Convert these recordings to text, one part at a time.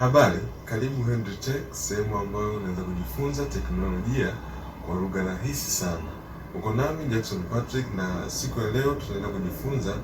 Habari, karibu Henry Tech, sehemu ambayo unaweza kujifunza teknolojia kwa lugha rahisi sana. Uko nami Jackson Patrick, na siku ya leo tunaenda kujifunza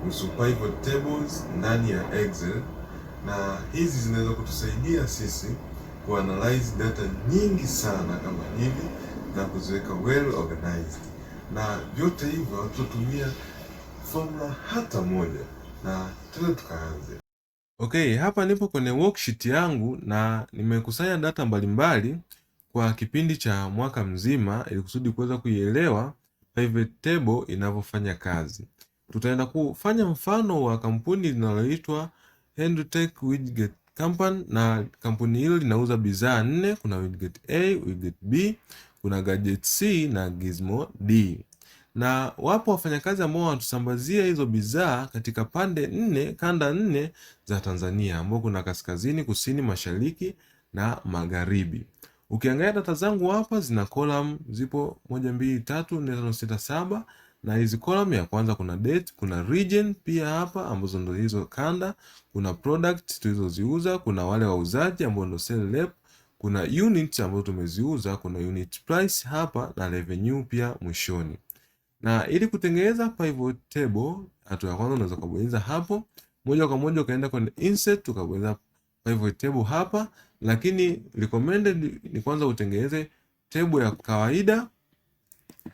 kuhusu pivot tables ndani ya Excel, na hizi zinaweza kutusaidia sisi kuanalyze data nyingi sana kama hivi na kuziweka well organized, na vyote hivyo hatutumia formula hata moja, na tuende tukaanze. Okay, hapa nipo kwenye worksheet yangu na nimekusanya data mbalimbali kwa kipindi cha mwaka mzima ili kusudi kuweza kuielewa pivot table inavyofanya kazi. Tutaenda kufanya mfano wa kampuni linaloitwa Handtech Widget Company na kampuni hilo linauza bidhaa nne, kuna widget A, widget B, kuna gadget C na gizmo D na wapo wafanyakazi ambao wanatusambazia hizo bidhaa katika pande nne, kanda nne za Tanzania, ambao kuna kaskazini, kusini, mashariki na magharibi. Ukiangalia data zangu hapa zina kolam zipo moja, mbili, tatu, nne, tano, sita, saba na hizi kolam ya kwanza kuna date, kuna region pia hapa ambazo ndo hizo kanda, kuna product tulizoziuza, kuna wale wauzaji ambao ndo sell rep, kuna unit ambazo tumeziuza, kuna unit price hapa na revenue pia mwishoni. Na ili kutengeneza pivot table, hatua ya kwanza unaweza kubonyeza hapo moja kwa moja ukaenda kwenye insert ukabonyeza pivot table hapa, lakini recommended ni kwanza utengeneze table ya kawaida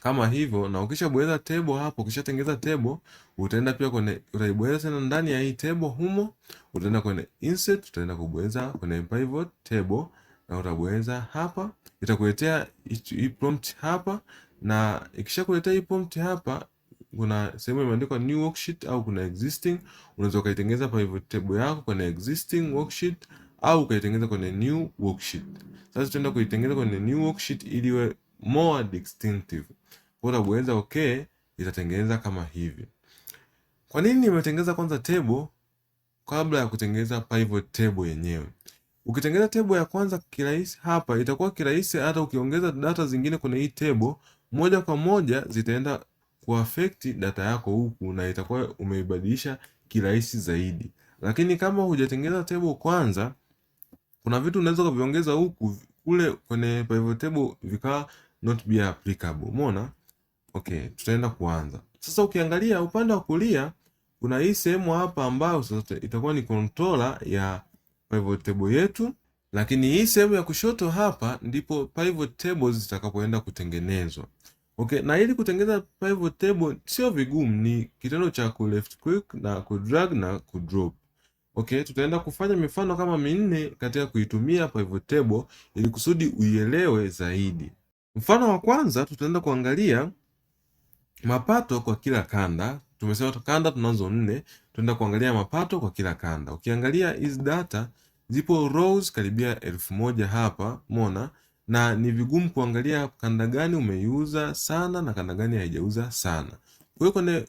kama hivyo, na ukishabonyeza table hapo, ukishatengeneza table utaenda pia kwenye, utaibonyeza tena ndani ya hii table humo, utaenda kwenye insert, utaenda kubonyeza kwenye pivot table na utabonyeza hapa, itakuletea hii prompt hapa na ikishakuleta hii prompt hapa, kuna sehemu imeandikwa new worksheet au kuna existing. Unaweza ukaitengeneza pivot table yako kwenye existing worksheet au ukaitengeneza kwenye new worksheet. Sasa tutaenda kuitengeneza kwenye new worksheet ili iwe more distinctive. Kwa hiyo unaweza okay, itatengeneza kama hivi. Kwa nini nimetengeneza kwanza table kabla ya kutengeneza pivot table yenyewe? Ukitengeneza table ya kwanza kirahisi hapa, itakuwa kirahisi hata ukiongeza data zingine kwenye hii table, moja kwa moja zitaenda kuaffect data yako huku, na itakuwa umeibadilisha kirahisi zaidi. Lakini kama hujatengeneza table kwanza, kuna vitu unaweza kuviongeza huku kule kwenye pivot table vikawa not be applicable. Umeona? Okay, tutaenda kuanza sasa. Ukiangalia upande wa kulia kuna hii sehemu hapa ambayo sasa itakuwa ni controller ya pivot table yetu, lakini hii sehemu ya kushoto hapa ndipo pivot tables zitakapoenda kutengenezwa. Okay, na ili kutengeneza pivot table sio vigumu, ni kitendo cha ku left click na ku drag na ku drop. Okay, tutaenda kufanya mifano kama minne katika kuitumia pivot table ili kusudi uielewe zaidi. Mfano wa kwanza tutaenda kuangalia mapato kwa kila kanda. Tumesema kanda tunazo nne, tuenda kuangalia mapato kwa kila kanda. Ukiangalia hizi data zipo rows karibia elfu moja hapa mona, na ni vigumu kuangalia kanda gani umeiuza sana na kanda gani haijauza sana. Kwa hiyo kwenye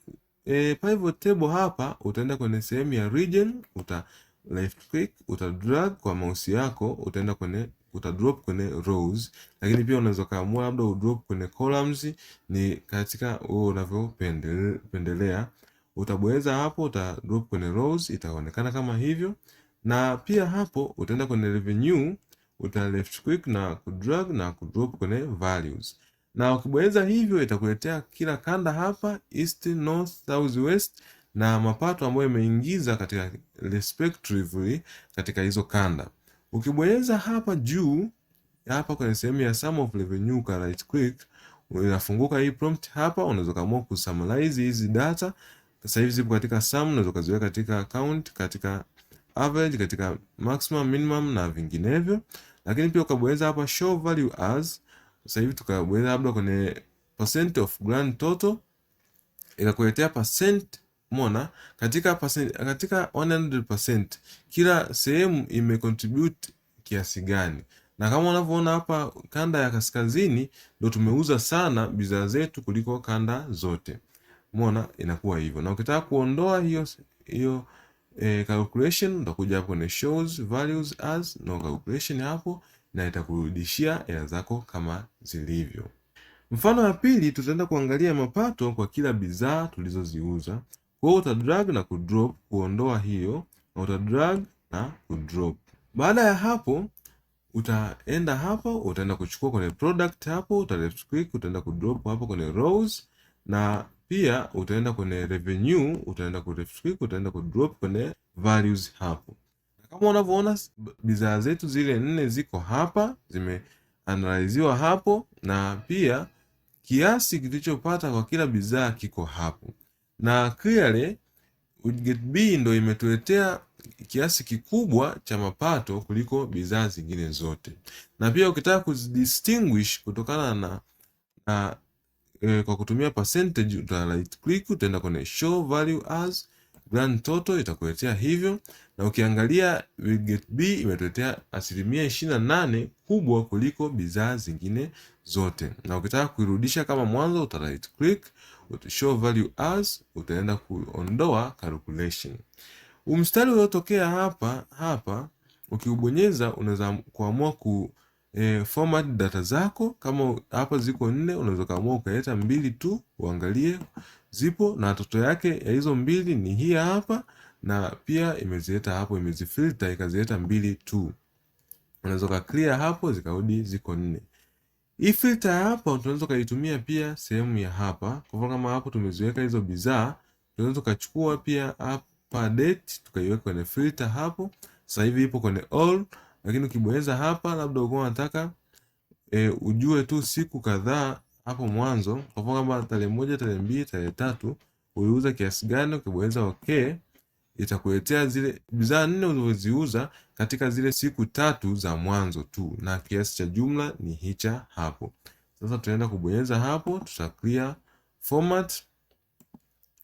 e, pivot table hapa utaenda kwenye sehemu ya region, uta left click, uta drag kwa mouse yako, utaenda kwenye uta drop kwenye rows, lakini pia unaweza kaamua labda u drop kwenye columns, ni katika wewe unavyopendelea utabweza hapo, uta drop kwenye rows, itaonekana kama hivyo. Na pia hapo utaenda kwenye revenue, uta left click na ku drag na ku drop kwenye values, na ukibweza hivyo itakuletea kila kanda hapa, east, north, south, west na mapato ambayo imeingiza katika respectively katika hizo kanda. Ukibonyeza hapa juu hapa kwenye sehemu ya sum of revenue ka right click, unafunguka hii prompt hapa, unaweza kaamua kusummarize hizi data sasa hivi zipo katika sum, unaweza ukaziweka katika count, katika average, katika maximum, minimum na vinginevyo, lakini pia ukabonyeza hapa show value as. Sasa hivi tukabonyeza labda kwenye percent of grand total, ikakuletea percent Mona katika percent, katika 100% kila sehemu imecontribute kiasi gani, na kama unavyoona hapa, kanda ya kaskazini ndio tumeuza sana bidhaa zetu kuliko kanda zote. Umeona, inakuwa hivyo. Na ukitaka kuondoa hiyo hiyo e, calculation utakuja hapo kwenye shows values as no calculation hapo, na itakurudishia hela zako kama zilivyo. Mfano wa pili, tutaenda kuangalia mapato kwa kila bidhaa tulizoziuza. Kwa hiyo utadrag na kudrop kuondoa hiyo, na utadrag na kudrop. Baada ya hapo utaenda hapo, utaenda kuchukua kwenye product hapo, uta left click, utaenda kudrop hapo kwenye rows na pia utaenda kwenye revenue, utaenda kureflick, utaenda drop kwenye values hapo. Kama unavyoona bidhaa zetu zile nne ziko hapa, zimeanaliziwa hapo, na pia kiasi kilichopata kwa kila bidhaa kiko hapo, na clearly B ndo imetuletea kiasi kikubwa cha mapato kuliko bidhaa zingine zote. Na pia ukitaka kuzidistinguish kutokana na, na Eh, kwa kutumia percentage uta right click, utaenda kwenye show value as grand total, itakuletea hivyo, na ukiangalia widget B imetuletea asilimia ishirini na nane kubwa kuliko bidhaa zingine zote. Na ukitaka kuirudisha kama mwanzo, uta right click, uta show value as, utaenda kuondoa calculation. Umstari uliotokea hapa hapa, ukiubonyeza unaweza kuamua ku e, format data zako. Kama hapa ziko nne, unaweza kaamua ukaleta mbili tu uangalie zipo, na toto yake ya hizo mbili ni hii hapa, na pia imezileta hapo, imezifilter ikazileta mbili tu. Unaweza ka clear hapo, zikarudi ziko nne. Hii filter hapa tunaweza kaitumia pia sehemu ya hapa. Kwa mfano kama hapo tumeziweka hizo bidhaa, tunaweza tukachukua pia hapa date tukaiweka kwenye filter hapo. Sasa hivi ipo kwenye all lakini ukibonyeza hapa, labda uko unataka e, ujue tu siku kadhaa hapo mwanzo, kwa mfano kama tarehe moja, tarehe mbili, tarehe tatu uliuza kiasi gani. Ukibonyeza okay, itakuletea zile bidhaa nne ulizoziuza katika zile siku tatu za mwanzo tu, na kiasi cha jumla ni hicha hapo. Sasa tunaenda kubonyeza hapo, tuta clear format,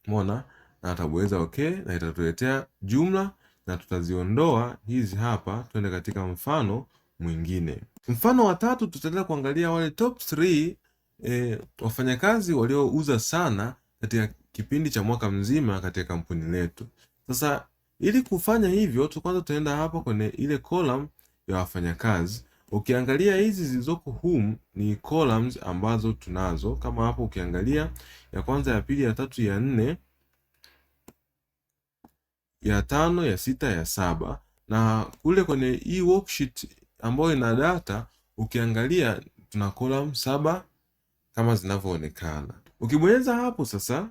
mona, na atabonyeza okay, na itatuletea jumla na tutaziondoa hizi hapa, twende katika mfano mwingine. Mfano wa tatu tutaendelea kuangalia wale top 3 eh, wafanyakazi waliouza sana katika kipindi cha mwaka mzima katika kampuni letu. Sasa ili kufanya hivyo tu, kwanza tutaenda hapa kwenye ile column ya wafanyakazi. Ukiangalia hizi zilizoko humu ni columns ambazo tunazo kama hapo, ukiangalia ya kwanza, ya pili, ya tatu, ya nne ya tano, ya sita, ya saba na kule kwenye hii worksheet ambayo ina data ukiangalia tuna column saba kama zinavyoonekana. Ukibonyeza hapo sasa,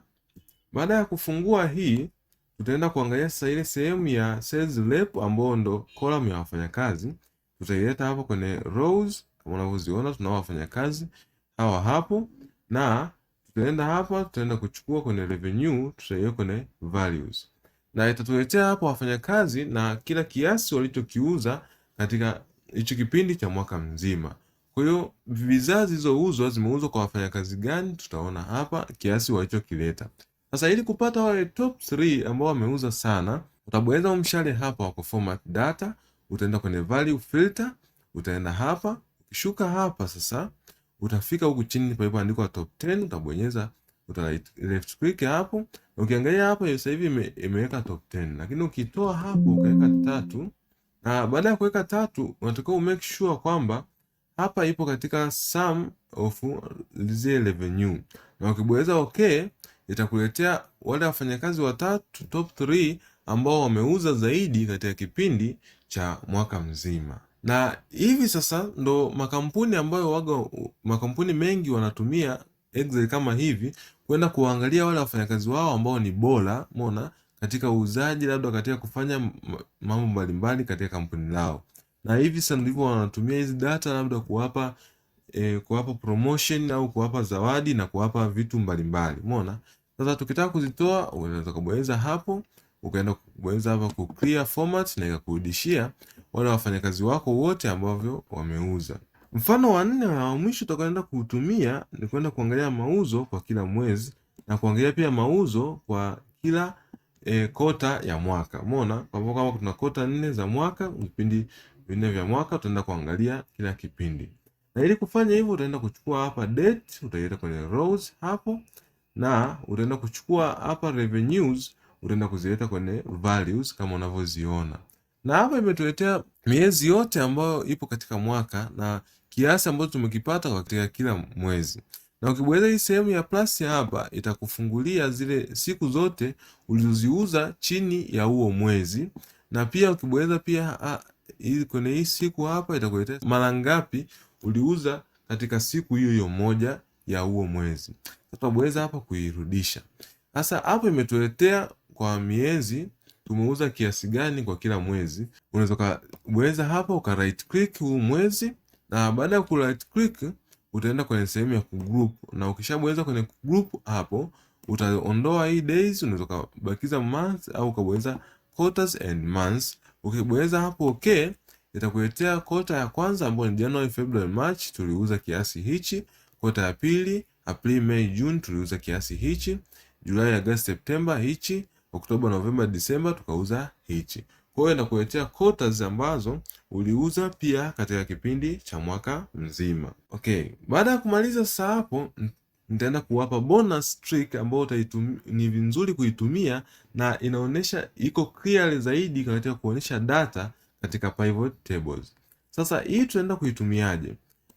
baada ya kufungua hii, tutaenda kuangalia sasa ile sehemu ya sales rep ambayo ndo column ya wafanyakazi. Tutaileta hapo kwenye rows kama unavyoziona, tuna wafanyakazi hawa hapo, na tutaenda hapa, tutaenda kuchukua kwenye revenue, tutaiweka kwenye values na itatuletea hapo wafanyakazi na kila kiasi walichokiuza katika hicho kipindi cha mwaka mzima. Kwa hiyo bidhaa zilizouzwa zimeuzwa kwa wafanyakazi gani, tutaona hapa kiasi walichokileta. Sasa ili kupata wale top 3 ambao wameuza sana, utabonyeza mshale hapa wa format data, utaenda kwenye value filter, utaenda hapa, ukishuka hapa sasa utafika huku chini palipoandikwa top 10 utabonyeza uta left click hapo. Ukiangalia hapo sasa hivi imeweka top 10, lakini ukitoa hapo ukaweka tatu, na baada ya kuweka tatu unatakiwa u make sure kwamba hapa ipo katika sum of zile revenue, na ukibonyeza okay itakuletea wale wafanyakazi watatu top 3 ambao wameuza zaidi katika kipindi cha mwaka mzima. Na hivi sasa ndo makampuni ambayo waga, makampuni mengi wanatumia Excel kama hivi kwenda kuangalia wale wafanyakazi wao ambao ni bora mona katika uuzaji, labda katika kufanya mambo mbalimbali katika kampuni lao, na hivi sasa ndivyo wanatumia hizi data labda kuwapa E, kuwapa promotion au kuwapa zawadi na kuwapa vitu mbalimbali umeona. Sasa tukitaka kuzitoa unaweza kubonyeza hapo, ukaenda kubonyeza hapa ku clear format na ikakurudishia wale wafanyakazi wako wote ambavyo wameuza. Mfano wa nne na wa mwisho tutakwenda kuutumia ni kwenda kuangalia mauzo kwa kila mwezi na kuangalia pia mauzo kwa kila e, kota ya mwaka. Umeona? Kwa hivyo kama tuna kota nne za mwaka, vipindi vinne vya mwaka tutaenda kuangalia kila kipindi. Na ili kufanya hivyo utaenda kuchukua hapa date, utaileta kwenye rows hapo na utaenda kuchukua hapa revenues, utaenda kuzileta kwenye values kama unavyoziona. Na hapa imetuletea miezi yote ambayo ipo katika mwaka na kiasi ambacho tumekipata katika kila mwezi. Na ukibonyeza hii sehemu ya plus hapa itakufungulia zile siku zote ulizoziuza chini ya huo mwezi, na pia ukibonyeza pia ah, hii kwenye hii siku hapa itakuletea mara ngapi uliuza katika siku hiyo hiyo moja ya huo mwezi. Tutabonyeza hapa kuirudisha. Sasa hapo imetuletea kwa miezi tumeuza kiasi gani kwa kila mwezi. Unaweza kubonyeza hapa uka right click huu mwezi na baada ya ku right click utaenda kwenye sehemu ya kugroup, na ukishabonyeza kwenye group hapo utaondoa hii days, unaweza kubakiza months au ukabonyeza quarters and months. Ukibonyeza hapo okay, itakuletea quarter ya kwanza ambayo ni January, February, March tuliuza kiasi hichi. Quarter ya pili April, May, June tuliuza kiasi hichi. Julai, August, September hichi. Oktoba, Novemba, Disemba tukauza hichi. Kwa hiyo inakuletea quotas ambazo uliuza pia katika kipindi cha mwaka mzima. Okay, baada ya kumaliza sasa hapo nitaenda kuwapa bonus trick ambayo ni vizuri kuitumia na inaonesha iko clear zaidi katika kuonyesha data katika pivot tables. Sasa hii tunaenda kuitumiaje?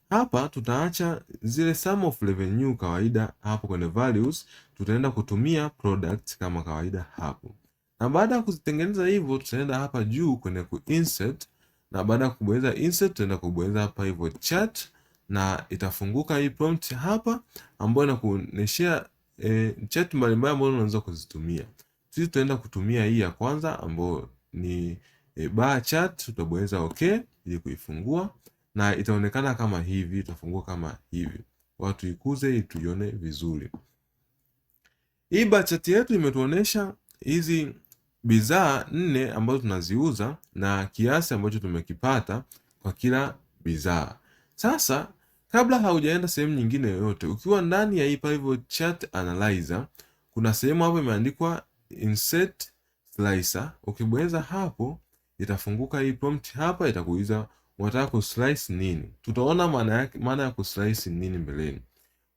Hapa tutaacha zile sum of revenue kawaida hapo kwenye values, tutaenda kutumia product kama kawaida hapo. Na baada ya kuzitengeneza hivyo, tutaenda hapa juu kwenye ku insert, na baada ya kubonyeza insert, tutaenda kubonyeza hapa hivyo chat, na itafunguka hii prompt hapa ambayo inakuonyeshea e, chat mbalimbali ambazo unaweza kuzitumia. Sisi tutaenda kutumia hii ya kwanza ambayo ni e, bar chat, tutabonyeza okay ili kuifungua na itaonekana kama hivi, itafungua kama hivi. Watu ikuze ili tuione vizuri. Hii bar chat yetu imetuonesha hizi bidhaa nne ambazo tunaziuza na kiasi ambacho tumekipata kwa kila bidhaa. Sasa kabla haujaenda sehemu nyingine yoyote, ukiwa ndani ya hii pivot chart analyzer, kuna sehemu hapo imeandikwa insert slicer. Ukibonyeza hapo itafunguka hii prompt hapa, itakuuliza unataka kuslice nini. Tutaona maana yake, maana ya kuslice nini mbeleni.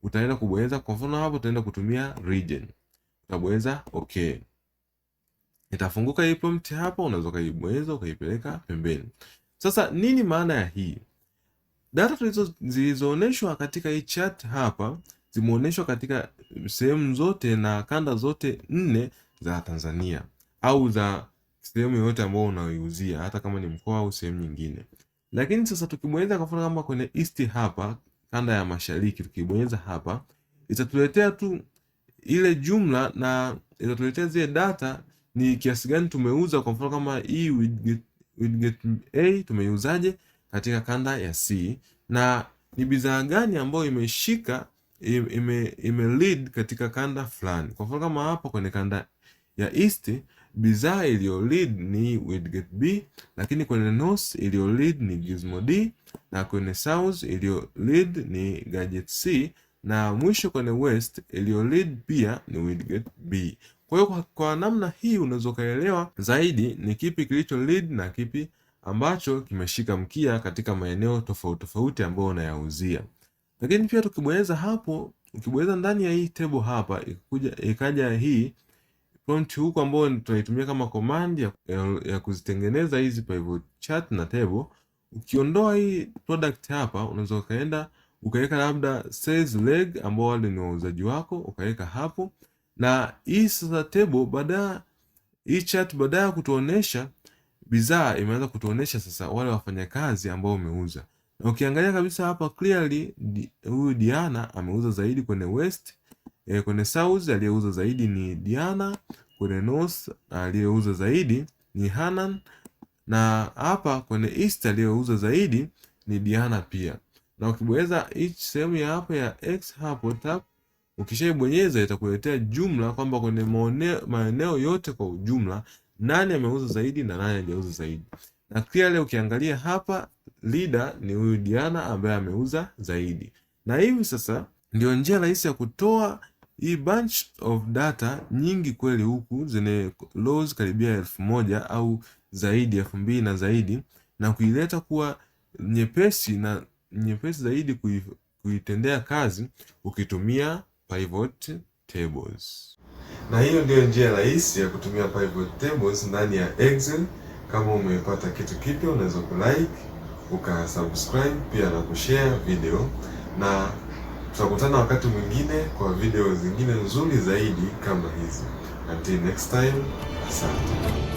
Utaenda kubonyeza, kwa mfano hapo utaenda kutumia region, utabonyeza okay itafunguka hii prompt hapa, unaweza ukaibonyeza ukaipeleka pembeni. Sasa nini maana ya hii data zilizoonyeshwa katika hii chat hapa? Zimeonyeshwa katika sehemu zote na kanda zote nne za Tanzania au za sehemu yoyote ambayo unaiuzia, hata kama ni mkoa au sehemu nyingine. Lakini sasa tukibonyeza kwa mfano kama kwenye east hapa, kanda ya mashariki, tukibonyeza hapa itatuletea tu ile jumla na itatuletea zile data ni kiasi gani tumeuza. Kwa mfano kama hii Widget A tumeiuzaje katika kanda ya C, na ni bidhaa gani ambayo imeshika ime, ime lead katika kanda fulani. Kwa mfano kama hapa kwenye kanda ya East bidhaa iliyo lead ni Widget B, lakini kwenye North iliyo lead ni Gizmo D, na kwenye South iliyo lead ni Gadget C, na mwisho kwenye West iliyo lead pia ni Widget B. Kwa hiyo kwa namna hii unaweza ukaelewa zaidi ni kipi kilicho lead na kipi ambacho kimeshika mkia katika maeneo tofauti tofauti ambayo unayauzia. Lakini pia tukibonyeza hapo, ukibonyeza ndani ya hii table hapa, ikuja ikaja hii prompt huko ambayo tunaitumia kama command ya, ya, ya kuzitengeneza hizi pivot chart na table. Ukiondoa hii product hapa, unaweza ukaenda ukaweka labda sales leg ambao wale ni wauzaji wako, ukaweka hapo na hii sasa table baada hii chart baada ya kutuonesha bidhaa imeanza kutuonesha sasa wale wafanyakazi ambao wameuza, na ukiangalia kabisa hapa clearly di, huyu Diana ameuza zaidi kwenye west eh, kwenye south aliyeuza zaidi ni Diana, kwenye north aliyeuza zaidi ni Hanan, na hapa kwenye east aliyeuza zaidi ni Diana pia, na ukibonyeza sehemu ya hapa ya x hapo tap Ukishaibonyeza itakuletea jumla kwamba kwenye maeneo yote kwa ujumla nani ameuza zaidi na nani hajauza zaidi. Na clearly ukiangalia hapa leader ni huyu Diana ambaye ameuza zaidi. Na hivi sasa ndio njia rahisi ya kutoa hii bunch of data nyingi kweli huku zenye lows karibia elfu moja au zaidi elfu mbili na zaidi na kuileta kuwa nyepesi na nyepesi zaidi kuitendea kazi ukitumia pivot tables. Na hiyo ndiyo njia rahisi ya kutumia pivot tables ndani ya Excel. Kama umepata kitu kipya, unaweza kulike, ukasubscribe pia na kushare video, na tutakutana wakati mwingine kwa video zingine nzuri zaidi kama hizi. Until next time, asante.